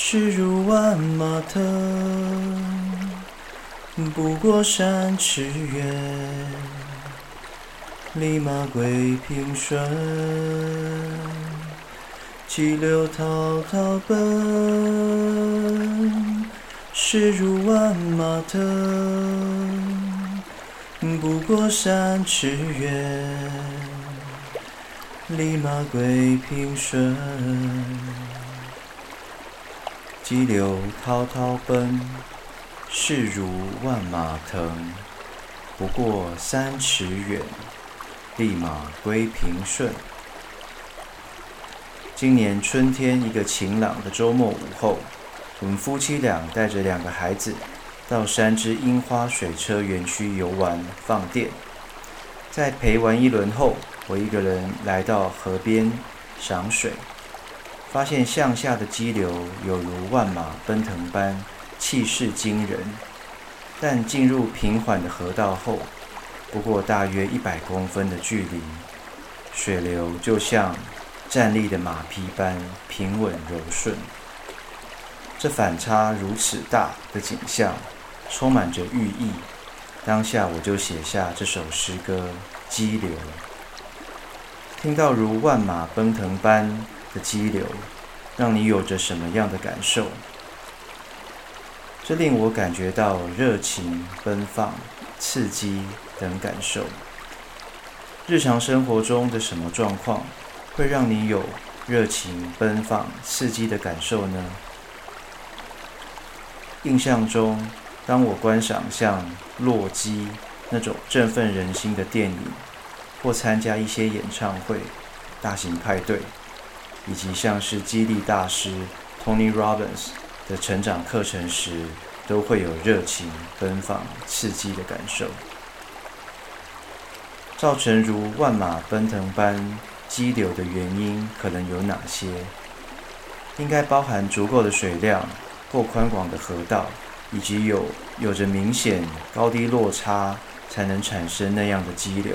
勢如萬馬騰，不過三尺遠；立馬歸平順，激流滔滔奔。勢如萬馬騰，不過三尺遠；立馬歸平順。激流滔滔奔，勢如萬馬騰。不過三尺遠，立馬歸平順。今年春天一個晴朗的周末午後，我們夫妻倆帶着兩個孩子到三芝櫻花水車園區遊玩放電。在陪玩一輪後，我一個人來到河邊賞水。發現向下的激流有如萬馬奔騰般氣勢驚人，但進入平緩的河道後，不過大約一百公分的距離，水流就像站立的馬匹般平穩柔順。這反差如此大的景象，充滿着寓意。當下我就寫下這首詩歌《激流》，聽到如萬馬奔騰般的激流，讓你有着什麼樣的感受？這令我感覺到熱情、奔放、刺激等感受。日常生活中的什麼狀況會讓你有熱情、奔放、刺激的感受呢？印象中，當我觀賞像《洛基》那種振奮人心的電影，或參加一些演唱會、大型派對。以及像是激勵大師 Tony Robbins 的成長課程時，都會有熱情、奔放、刺激的感受。造成如萬馬奔騰般激流的原因可能有哪些？應該包含足夠的水量、夠寬廣的河道，以及有有着明顯高低落差，才能產生那樣的激流。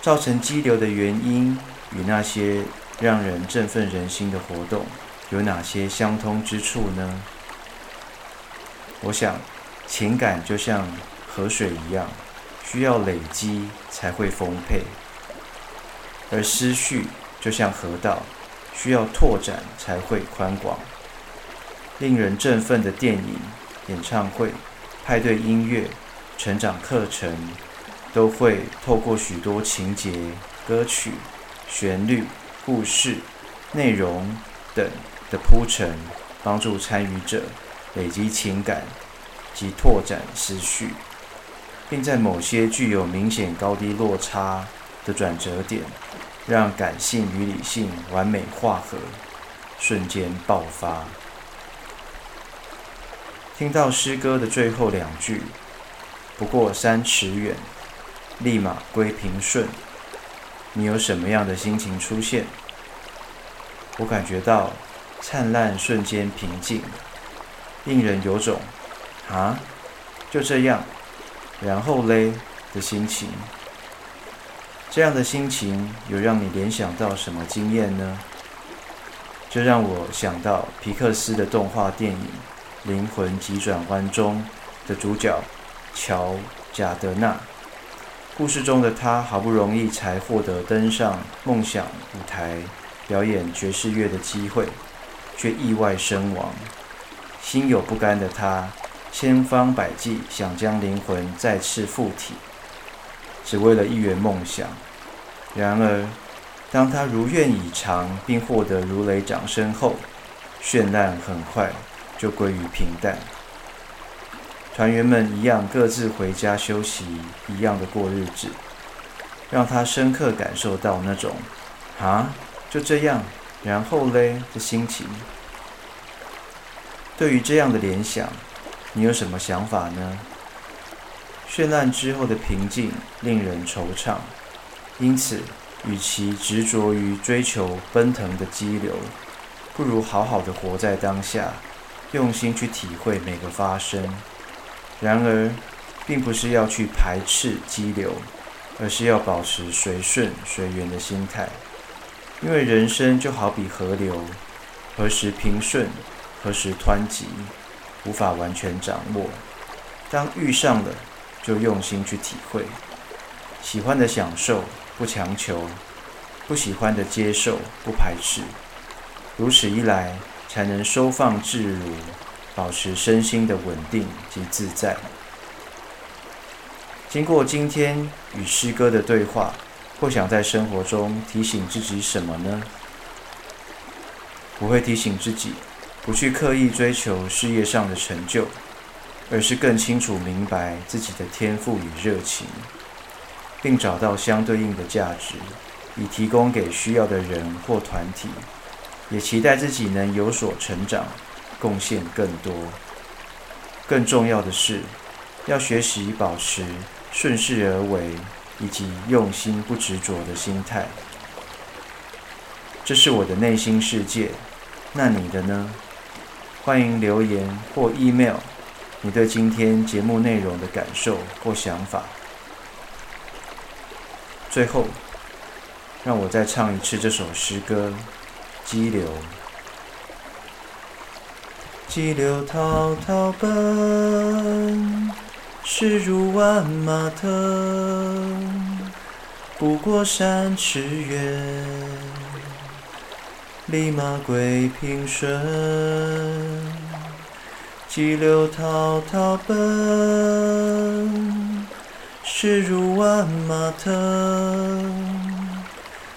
造成激流的原因。與那些讓人振奮人心的活動有哪些相通之處呢？我想，情感就像河水一樣，需要累積才會豐沛；而思緒就像河道，需要拓展才會寬廣。令人振奮的電影、演唱會、派對、音樂、成長課程，都會透過許多情節、歌曲。旋律、故事、內容等的鋪陳，幫助參與者累積情感及拓展思緒，並在某些具有明顯高低落差的轉折點，讓感性與理性完美化合，瞬間爆發。聽到詩歌的最後兩句，不過三尺遠，立馬歸平順。你有什麼樣的心情出現？我感覺到燦爛瞬間平靜，令人有種“啊，就這樣，然後嘞？”的心情。這樣的心情有讓你聯想到什麼經驗呢？就讓我想到皮克斯的動畫電影《靈魂急轉彎》中的主角喬·賈德納。故事中的他好不容易才獲得登上夢想舞台表演爵士樂的機會，卻意外身亡。心有不甘的他，千方百計想將靈魂再次附體，只為了一圓夢想。然而，當他如願以償並獲得如雷掌聲後，絢爛很快就歸於平淡。團員們一樣各自回家休息，一樣的過日子，讓他深刻感受到那種“啊，就這樣，然後咧”的心情。對於這樣的聯想，你有什麼想法呢？絢爛之後的平靜令人惆悵，因此，與其執着於追求奔騰的激流，不如好好的活在當下，用心去體會每個發生。然而，並不是要去排斥激流，而是要保持隨順隨緣的心態。因為人生就好比河流，何時平順，何時湍急，無法完全掌握。當遇上了，就用心去體會；喜歡的享受，不強求；不喜歡的接受，不排斥。如此一來，才能收放自如。保持身心的穩定及自在。經過今天與詩歌的對話，會想在生活中提醒自己什麼呢？我會提醒自己，不去刻意追求事業上的成就，而是更清楚明白自己的天賦與熱情，並找到相對應的價值，以提供給需要的人或團體。也期待自己能有所成長。貢獻更多，更重要的是，要學習保持順勢而為，以及用心不執着的心態。這是我的內心世界，那你的呢？歡迎留言或 email 你對今天節目內容的感受或想法。最後，讓我再唱一次這首詩歌《激流》。急流滔滔奔，勢如萬馬騰。不過三尺遠，立馬歸平順。急流滔滔奔，勢如萬馬騰。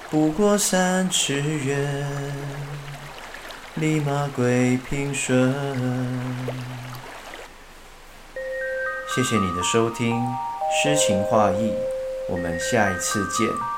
不過三尺遠。立馬歸平順。謝謝你的收聽，詩情話意，我們下一次見。